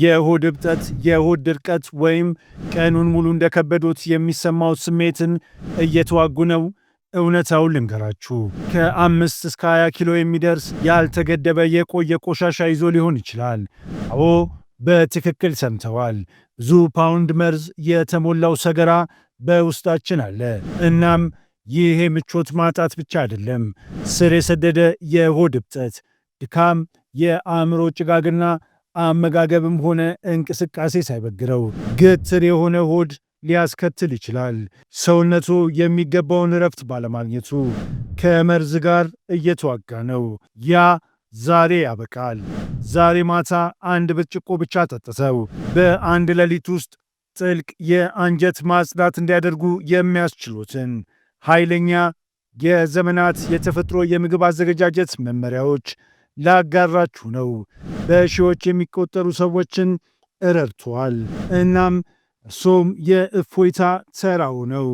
የሆድ እብጠት የሆድ ድርቀት ወይም ቀኑን ሙሉ እንደከበዶት የሚሰማው ስሜትን እየተዋጉ ነው? እውነታው ልንገራችሁ፣ ከአምስት እስከ 20 ኪሎ የሚደርስ ያልተገደበ የቆየ ቆሻሻ ይዞ ሊሆን ይችላል። አዎ በትክክል ሰምተዋል። ብዙ ፓውንድ መርዝ የተሞላው ሰገራ በውስጣችን አለ። እናም ይህ የምቾት ማጣት ብቻ አይደለም፣ ስር የሰደደ የሆድ እብጠት፣ ድካም፣ የአእምሮ ጭጋግና አመጋገብም ሆነ እንቅስቃሴ ሳይበግረው ግትር የሆነ ሆድ ሊያስከትል ይችላል። ሰውነቱ የሚገባውን እረፍት ባለማግኘቱ ከመርዝ ጋር እየተዋጋ ነው። ያ ዛሬ ያበቃል። ዛሬ ማታ አንድ ብርጭቆ ብቻ ጠጥተው በአንድ ሌሊት ውስጥ ጥልቅ የአንጀት ማጽዳት እንዲያደርጉ የሚያስችሉትን ኃይለኛ የዘመናት የተፈጥሮ የምግብ አዘገጃጀት መመሪያዎች ላጋራችሁ ነው። በሺዎች የሚቆጠሩ ሰዎችን ረድቷል። እናም እሱም የእፎይታ ተራው ነው።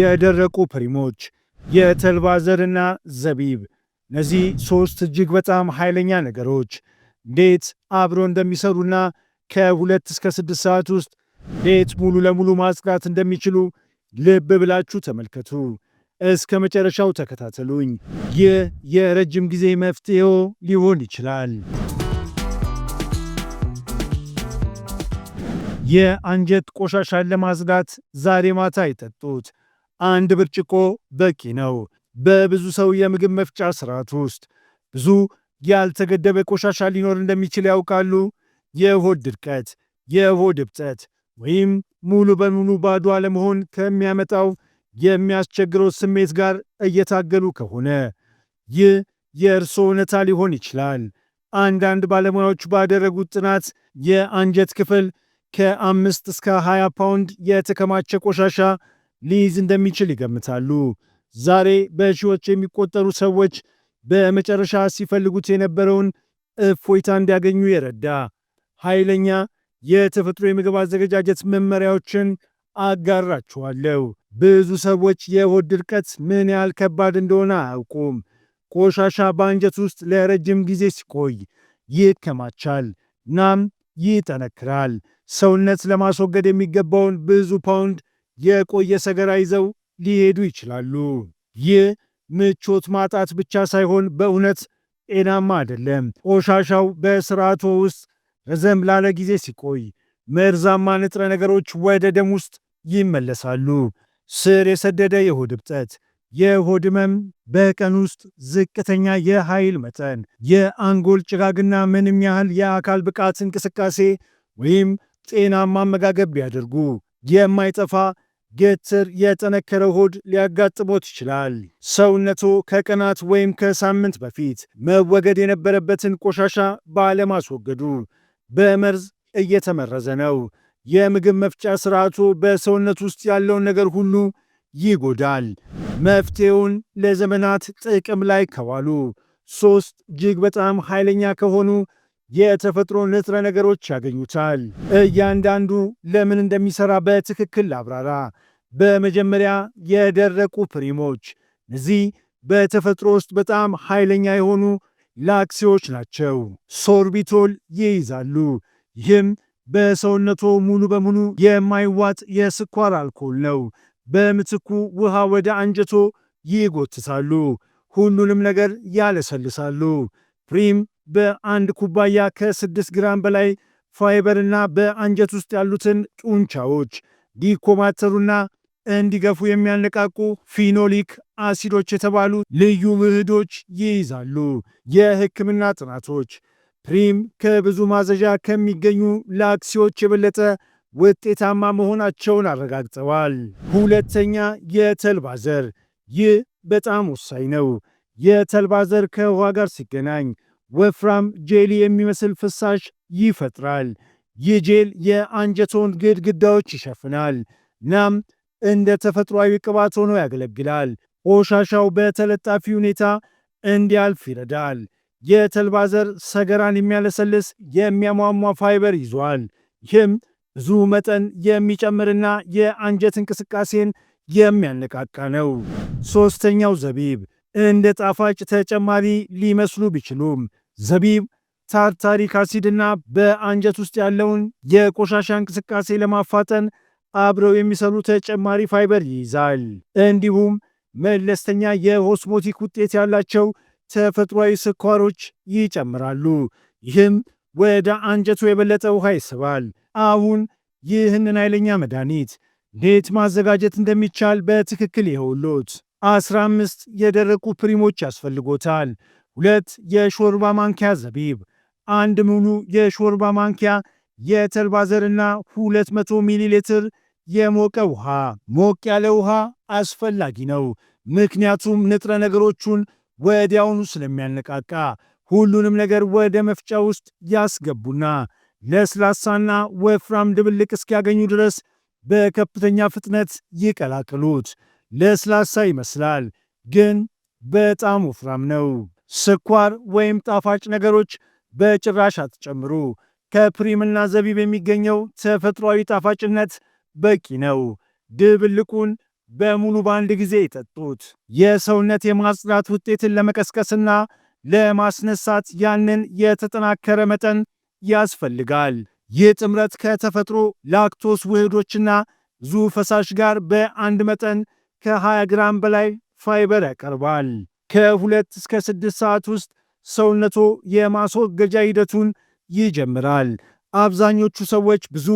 የደረቁ ፕሪሞች፣ የተልባ ዘርና ዘቢብ፣ እነዚህ ሦስት እጅግ በጣም ኃይለኛ ነገሮች እንዴት አብሮ እንደሚሰሩና ከሁለት እስከ ስድስት ሰዓት ውስጥ እንዴት ሙሉ ለሙሉ ማጽዳት እንደሚችሉ ልብ ብላችሁ ተመልከቱ። እስከ መጨረሻው ተከታተሉኝ። ይህ የረጅም ጊዜ መፍትሄው ሊሆን ይችላል። የአንጀት ቆሻሻን ለማጽዳት ዛሬ ማታ ይጠጡት። አንድ ብርጭቆ በቂ ነው። በብዙ ሰው የምግብ መፍጫ ስርዓት ውስጥ ብዙ ያልተገደበ ቆሻሻ ሊኖር እንደሚችል ያውቃሉ። የሆድ ድርቀት፣ የሆድ እብጠት ወይም ሙሉ በሙሉ ባዶ አለመሆን ከሚያመጣው የሚያስቸግረው ስሜት ጋር እየታገሉ ከሆነ ይህ የእርስዎ እውነታ ሊሆን ይችላል። አንዳንድ ባለሙያዎች ባደረጉት ጥናት የአንጀት ክፍል ከአምስት እስከ 20 ፓውንድ የተከማቸ ቆሻሻ ሊይዝ እንደሚችል ይገምታሉ። ዛሬ በሺዎች የሚቆጠሩ ሰዎች በመጨረሻ ሲፈልጉት የነበረውን እፎይታ እንዲያገኙ የረዳ ኃይለኛ የተፈጥሮ የምግብ አዘገጃጀት መመሪያዎችን አጋራችኋለሁ። ብዙ ሰዎች የሆድ ድርቀት ምን ያህል ከባድ እንደሆነ አያውቁም። ቆሻሻ በአንጀት ውስጥ ለረጅም ጊዜ ሲቆይ ይከማቻል፣ እናም ይጠነክራል። ሰውነት ለማስወገድ የሚገባውን ብዙ ፓውንድ የቆየ ሰገራ ይዘው ሊሄዱ ይችላሉ። ይህ ምቾት ማጣት ብቻ ሳይሆን በእውነት ጤናማ አይደለም። ቆሻሻው በስርዓቱ ውስጥ ረዘም ላለ ጊዜ ሲቆይ መርዛማ ንጥረ ነገሮች ወደ ደም ውስጥ ይመለሳሉ። ስር የሰደደ የሆድ እብጠት፣ የሆድ ህመም፣ በቀን ውስጥ ዝቅተኛ የኃይል መጠን፣ የአንጎል ጭጋግና ምንም ያህል የአካል ብቃት እንቅስቃሴ ወይም ጤናማ አመጋገብ ቢያደርጉ የማይጠፋ ገትር የጠነከረ ሆድ ሊያጋጥሞት ይችላል። ሰውነቶ ከቀናት ወይም ከሳምንት በፊት መወገድ የነበረበትን ቆሻሻ ባለማስወገዱ በመርዝ እየተመረዘ ነው። የምግብ መፍጫ ስርዓቱ በሰውነት ውስጥ ያለውን ነገር ሁሉ ይጎዳል። መፍትሄውን ለዘመናት ጥቅም ላይ ከዋሉ ሶስት እጅግ በጣም ኃይለኛ ከሆኑ የተፈጥሮ ንጥረ ነገሮች ያገኙታል። እያንዳንዱ ለምን እንደሚሰራ በትክክል አብራራ በመጀመሪያ የደረቁ ፕሪሞች፣ እነዚህ በተፈጥሮ ውስጥ በጣም ኃይለኛ የሆኑ ላክሲዎች ናቸው። ሶርቢቶል ይይዛሉ ይህም በሰውነቱ ሙሉ በሙሉ የማይዋጥ የስኳር አልኮል ነው። በምትኩ ውሃ ወደ አንጀቶ ይጎትታሉ፣ ሁሉንም ነገር ያለሰልሳሉ። ፕሪም በአንድ ኩባያ ከ6 ግራም በላይ ፋይበርና በአንጀት ውስጥ ያሉትን ጡንቻዎች እንዲኮማተሩና እንዲገፉ የሚያነቃቁ ፊኖሊክ አሲዶች የተባሉ ልዩ ውህዶች ይይዛሉ። የሕክምና ጥናቶች ፕሪም ከብዙ ማዘዣ ከሚገኙ ላክሲዎች የበለጠ ውጤታማ መሆናቸውን አረጋግጠዋል። ሁለተኛ፣ የተልባ ዘር። ይህ በጣም ወሳኝ ነው። የተልባ ዘር ከውሃ ጋር ሲገናኝ ወፍራም ጄሊ የሚመስል ፍሳሽ ይፈጥራል። ይህ ጄል የአንጀቶን ግድግዳዎች ይሸፍናል፣ ናም እንደ ተፈጥሯዊ ቅባት ሆኖ ያገለግላል። ቆሻሻው በተለጣፊ ሁኔታ እንዲያልፍ ይረዳል። የተልባ ዘር ሰገራን የሚያለሰልስ የሚያሟሟ ፋይበር ይዟል። ይህም ብዙ መጠን የሚጨምርና የአንጀት እንቅስቃሴን የሚያነቃቃ ነው። ሶስተኛው ዘቢብ እንደ ጣፋጭ ተጨማሪ ሊመስሉ ቢችሉም ዘቢብ ታርታሪክ አሲድና በአንጀት ውስጥ ያለውን የቆሻሻ እንቅስቃሴ ለማፋጠን አብረው የሚሰሩ ተጨማሪ ፋይበር ይይዛል። እንዲሁም መለስተኛ የኦስሞቲክ ውጤት ያላቸው ተፈጥሯዊ ስኳሮች ይጨምራሉ። ይህም ወደ አንጀቱ የበለጠ ውሃ ይስባል። አሁን ይህንን ኃይለኛ መድኃኒት እንዴት ማዘጋጀት እንደሚቻል በትክክል ይኸውልዎት። አምስት የደረቁ ፕሪሞች ያስፈልጎታል። ሁለት የሾርባ ማንኪያ ዘቢብ፣ አንድ ሙሉ የሾርባ ማንኪያ የተልባ ዘርና 200 ሚሊ ሊትር የሞቀ ውሃ። ሞቅ ያለ ውሃ አስፈላጊ ነው፣ ምክንያቱም ንጥረ ነገሮቹን ወዲያውኑ ስለሚያነቃቃ ሁሉንም ነገር ወደ መፍጫ ውስጥ ያስገቡና ለስላሳና ወፍራም ድብልቅ እስኪያገኙ ድረስ በከፍተኛ ፍጥነት ይቀላቅሉት። ለስላሳ ይመስላል፣ ግን በጣም ወፍራም ነው። ስኳር ወይም ጣፋጭ ነገሮች በጭራሽ አትጨምሩ። ከፕሪምና ዘቢብ የሚገኘው ተፈጥሯዊ ጣፋጭነት በቂ ነው። ድብልቁን በሙሉ በአንድ ጊዜ ይጠጡት። የሰውነት የማጽዳት ውጤትን ለመቀስቀስና ለማስነሳት ያንን የተጠናከረ መጠን ያስፈልጋል። ይህ ጥምረት ከተፈጥሮ ላክቶስ ውህዶችና ዙ ፈሳሽ ጋር በአንድ መጠን ከ20 ግራም በላይ ፋይበር ያቀርባል። ከሁለት እስከ ስድስት ሰዓት ውስጥ ሰውነቶ የማስወገጃ ሂደቱን ይጀምራል። አብዛኞቹ ሰዎች ብዙ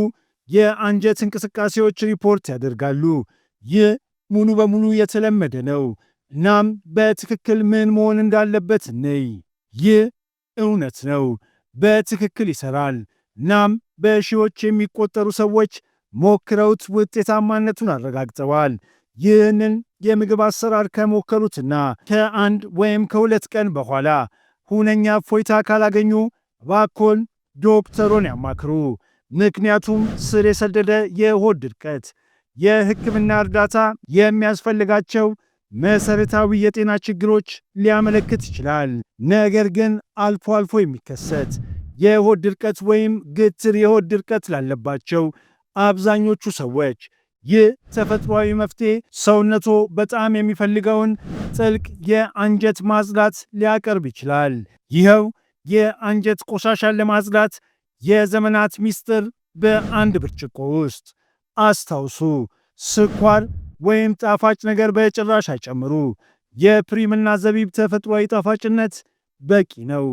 የአንጀት እንቅስቃሴዎች ሪፖርት ያደርጋሉ። ይህ ሙሉ በሙሉ የተለመደ ነው። እናም በትክክል ምን መሆን እንዳለበት ነይ። ይህ እውነት ነው፣ በትክክል ይሰራል። እናም በሺዎች የሚቆጠሩ ሰዎች ሞክረውት ውጤታማነቱን አረጋግጠዋል። ይህንን የምግብ አሰራር ከሞከሩትና ከአንድ ወይም ከሁለት ቀን በኋላ ሁነኛ እፎይታ ካላገኙ ባኮን ዶክተሮን ያማክሩ፣ ምክንያቱም ስር የሰደደ የሆድ ድርቀት የህክምና እርዳታ የሚያስፈልጋቸው መሰረታዊ የጤና ችግሮች ሊያመለክት ይችላል። ነገር ግን አልፎ አልፎ የሚከሰት የሆድ ድርቀት ወይም ግትር የሆድ ድርቀት ላለባቸው አብዛኞቹ ሰዎች ይህ ተፈጥሯዊ መፍትሄ ሰውነቶ በጣም የሚፈልገውን ጥልቅ የአንጀት ማጽዳት ሊያቀርብ ይችላል። ይኸው የአንጀት ቆሻሻን ለማጽዳት የዘመናት ሚስጥር በአንድ ብርጭቆ ውስጥ አስታውሱ፣ ስኳር ወይም ጣፋጭ ነገር በጭራሽ አይጨምሩ። የፕሪምና ዘቢብ ተፈጥሯዊ ጣፋጭነት በቂ ነው።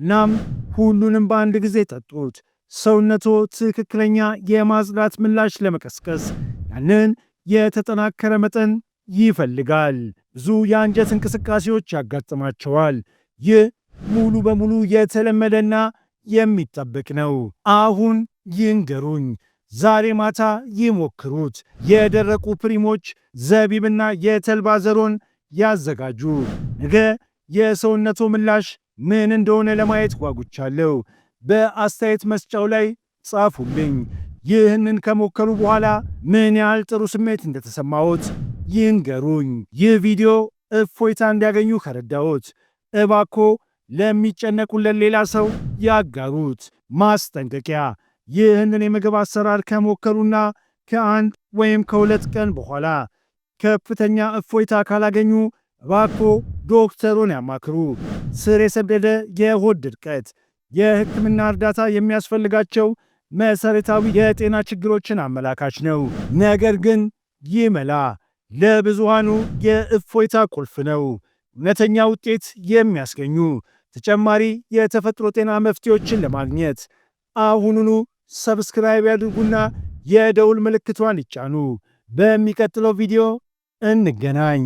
እናም ሁሉንም በአንድ ጊዜ ጠጡት፣ ሰውነቶ ትክክለኛ የማጽዳት ምላሽ ለመቀስቀስ ያንን የተጠናከረ መጠን ይፈልጋል። ብዙ የአንጀት እንቅስቃሴዎች ያጋጥማቸዋል። ይህ ሙሉ በሙሉ የተለመደና የሚጠበቅ ነው። አሁን ይንገሩኝ ዛሬ ማታ ይሞክሩት። የደረቁ ፕሪሞች ዘቢብና የተልባ ዘሮን ያዘጋጁ። ነገ የሰውነቱ ምላሽ ምን እንደሆነ ለማየት ጓጉቻለሁ። በአስተያየት መስጫው ላይ ጻፉልኝ። ይህንን ከሞከሩ በኋላ ምን ያህል ጥሩ ስሜት እንደተሰማዎት ይንገሩኝ። ይህ ቪዲዮ እፎይታ እንዲያገኙ ከረዳዎት እባኮ ለሚጨነቁለት ሌላ ሰው ያጋሩት። ማስጠንቀቂያ ይህንን የምግብ አሰራር ከሞከሩና ከአንድ ወይም ከሁለት ቀን በኋላ ከፍተኛ እፎይታ ካላገኙ እባክዎ ዶክተሩን ያማክሩ። ስር የሰደደ የሆድ ድርቀት የሕክምና እርዳታ የሚያስፈልጋቸው መሰረታዊ የጤና ችግሮችን አመላካች ነው። ነገር ግን ይህ መላ ለብዙሃኑ የእፎይታ ቁልፍ ነው። እውነተኛ ውጤት የሚያስገኙ ተጨማሪ የተፈጥሮ ጤና መፍትሄዎችን ለማግኘት አሁኑኑ ሰብስክራይብ ያድርጉና የደውል ምልክቷን ይጫኑ። በሚቀጥለው ቪዲዮ እንገናኝ።